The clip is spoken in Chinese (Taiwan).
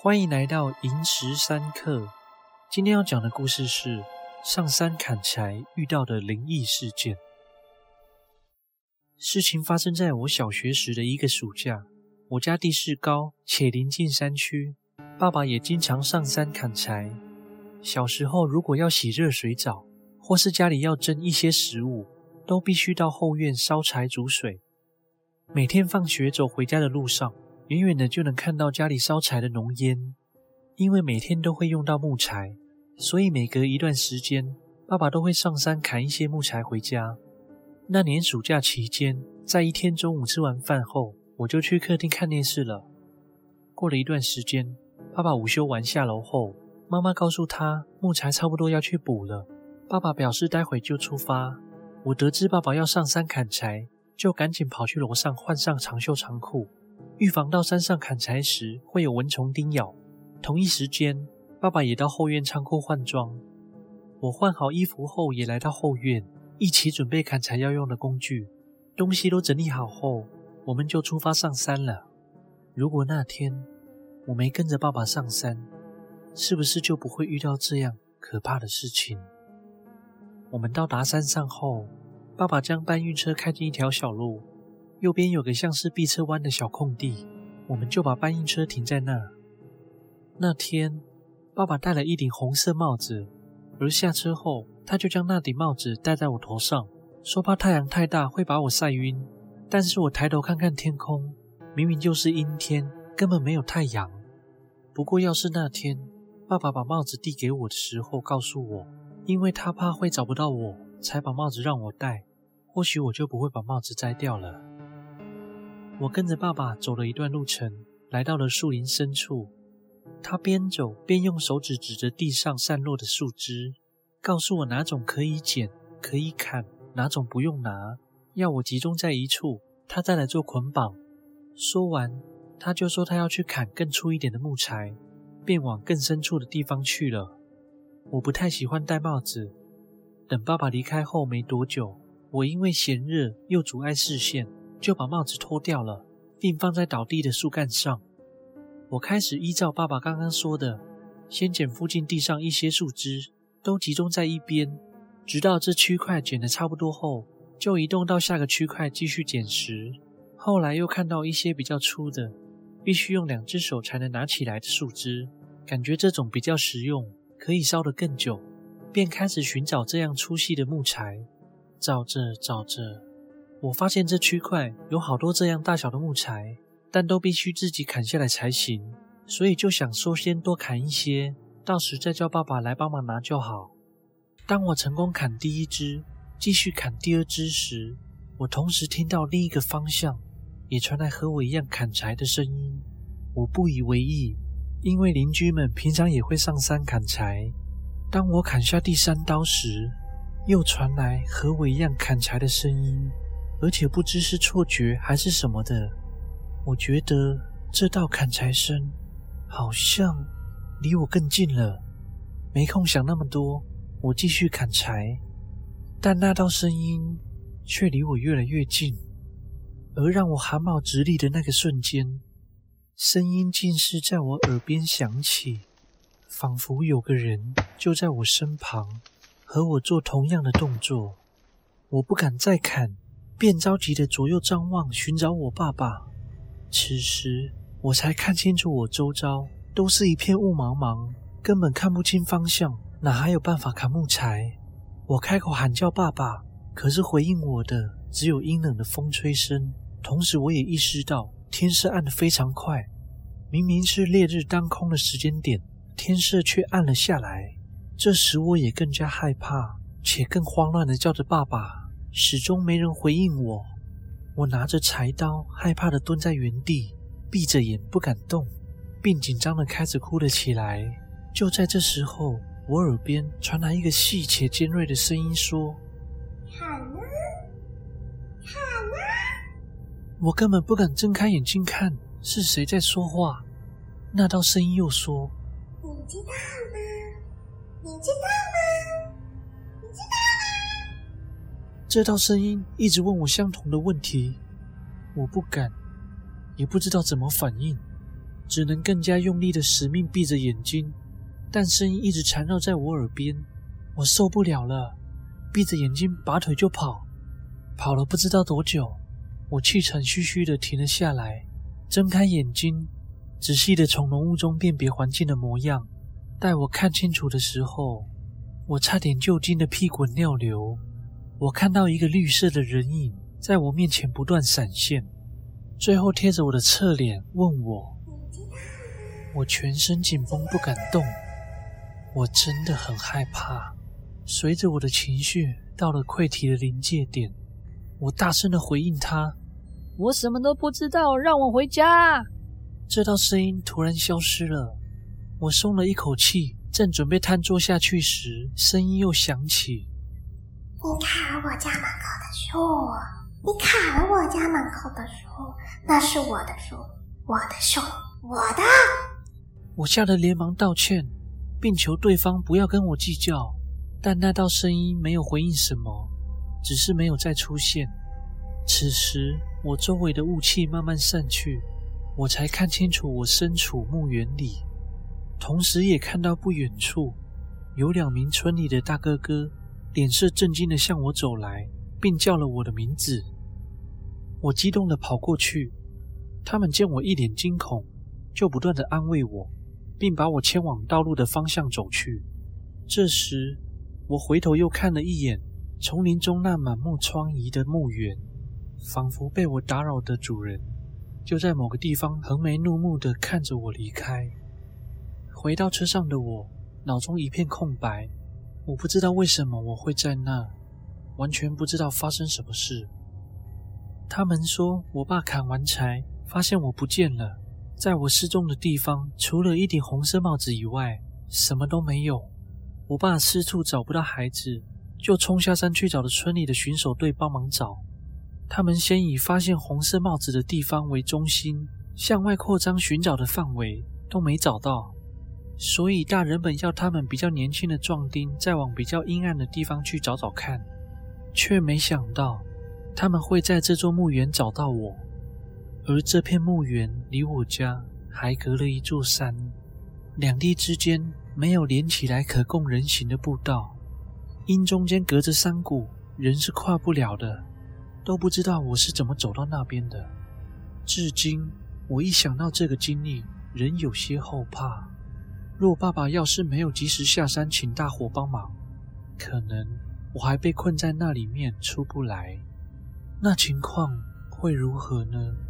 歡迎來到螢石三刻。今天要講的故事是上山砍柴遇到的靈異事件。事情發生在我小學時的一個暑假。我家地勢高且臨近山區，爸爸也經常上山砍柴。小時候，如果要洗熱水澡，或是家裡要蒸一些食物，都必須到後院燒柴煮水。每天放學走回家的路上，遠遠的就能看到家裡燒柴的濃煙，因為每天都會用到木材，所以每隔一段時間，爸爸都會上山砍一些木材回家。那年暑假期間，在一天中午吃完飯後，我就去客廳看電視了。過了一段時間，爸爸午休完下樓後，媽媽告訴他木材差不多要去補了。爸爸表示待會就出發。我得知爸爸要上山砍柴，就趕緊跑去樓上換上長袖長褲。預防到山上砍柴時會有蚊蟲叮咬。同一時間，爸爸也到後院倉庫換裝。我換好衣服後也來到後院，一起準備砍柴要用的工具。東西都整理好後，我們就出發上山了。如果那天我沒跟着爸爸上山，是不是就不會遇到這樣可怕的事情？我們到達山上後，爸爸將搬運車開進一條小路。右邊有個像是避車彎的小空地，我們就把搬運車停在那。那天，爸爸戴了一頂紅色帽子，而下車後，他就將那頂帽子戴在我頭上，說怕太陽太大會把我曬暈。但是我抬頭看看天空，明明就是陰天，根本沒有太陽。不過，要是那天爸爸把帽子遞給我的時候告訴我，因為他怕會找不到我，才把帽子讓我戴，或許我就不會把帽子摘掉了。我跟着爸爸走了一段路程，來到了樹林深處。他邊走邊用手指指着地上散落的樹枝，告訴我哪種可以撿、可以砍，哪種不用拿，要我集中在一處，他再來做捆綁。說完，他就說他要去砍更粗一點的木材，便往更深處的地方去了。我不太喜歡戴帽子。等爸爸離開後沒多久，我因為嫌熱又阻礙視線。就把帽子脫掉了，並放在倒地的樹幹上。我開始依照爸爸剛剛說的，先撿附近地上一些樹枝，都集中在一邊，直到這區塊撿得差不多後，就移動到下個區塊繼續撿拾。後來又看到一些比較粗的，必須用兩隻手才能拿起來的樹枝，感覺這種比較實用，可以燒得更久，便開始尋找這樣粗細的木材，找着找着。照我發現這區塊有好多這樣大小的木材，但都必須自己砍下來才行，所以就想說先多砍一些，到時再叫爸爸來幫忙拿就好。當我成功砍第一枝，繼續砍第二枝時，我同時聽到另一個方向也傳來和我一樣砍柴的聲音。我不以為意，因為鄰居們平常也會上山砍柴。當我砍下第三刀時，又傳來和我一樣砍柴的聲音。而且不知是錯覺還是什麼的，我覺得這道砍柴聲好像離我更近了。沒空想那麼多，我繼續砍柴，但那道聲音卻離我越來越近。而讓我汗毛直立的那個瞬間，聲音竟是在我耳邊響起，仿佛有個人就在我身旁，和我做同樣的動作。我不敢再砍。便着急的左右張望，尋找我爸爸。此時我才看清楚，我周遭都是一片霧茫茫，根本看不清方向，哪還有辦法砍木柴？我開口喊叫爸爸，可是回應我的只有陰冷的風吹聲。同時，我也意識到天色暗得非常快，明明是烈日當空的時間點，天色卻暗了下來。這時，我也更加害怕，且更慌亂地叫着爸爸。始終沒人回應我，我拿着柴刀，害怕地蹲在原地，閉着眼不敢動，並緊張地開始哭了起來。就在這時候，我耳邊傳來一個細且尖銳的聲音說：“好嗎？好嗎？”我根本不敢睜開眼睛看，是誰在說話。那道聲音又說：“你知道嗎？你知道嗎？”這道聲音一直問我相同的問題，我不敢，也不知道怎麼反應，只能更加用力的死命閉着眼睛。但聲音一直纏繞在我耳邊，我受不了了，閉着眼睛拔腿就跑。跑了不知道多久，我氣喘吁吁的停了下來，睜開眼睛，仔細的從濃霧中辨別環境的模樣。待我看清楚的時候，我差點就驚得屁滾尿流。我看到一個綠色的人影在我面前不斷閃現，最後貼着我的側臉問我。我全身緊繃不敢動，我真的很害怕。隨着我的情緒到了潰堤的臨界點，我大聲的回應他：“我什麼都不知道，讓我回家！”這道聲音突然消失了，我鬆了一口氣，正準備癱坐下去時，聲音又響起。你砍了我家門口的樹！你砍了我家門口的樹，那是我的樹，我的樹，我的！我嚇得連忙道歉，並求對方不要跟我計較，但那道聲音沒有回應什麼，只是沒有再出現。此時，我周圍的霧氣慢慢散去，我才看清楚我身處墓園裡，同時也看到不遠處有兩名村裡的大哥哥。臉色震驚地向我走來，並叫了我的名字。我激動地跑過去，他們見我一臉驚恐，就不斷地安慰我，並把我牽往道路的方向走去。這時，我回頭又看了一眼叢林中那滿目瘡痍的墓園，仿佛被我打擾的主人就在某個地方橫眉怒目的看着我離開。回到車上的我，腦中一片空白。我不知道為什麼我會在那，完全不知道發生什麼事。他們說我爸砍完柴，發現我不見了，在我失蹤的地方，除了一頂紅色帽子以外，什麼都沒有。我爸四處找不到孩子，就衝下山去找了村裡的巡守隊幫忙找。他們先以發現紅色帽子的地方為中心，向外擴張尋找的範圍，都沒找到。所以大人本要他們比較年輕的壯丁再往比較陰暗的地方去找找看，卻沒想到他們會在這座墓園找到我。而這片墓園離我家還隔了一座山，兩地之間沒有連起來可供人行的步道，因中間隔着山谷，人是跨不了的。都不知道我是怎麼走到那邊的。至今我一想到這個經歷，仍有些後怕。若爸爸要是沒有及時下山請大夥幫忙，可能我還被困在那裡面出不來，那情況會如何呢？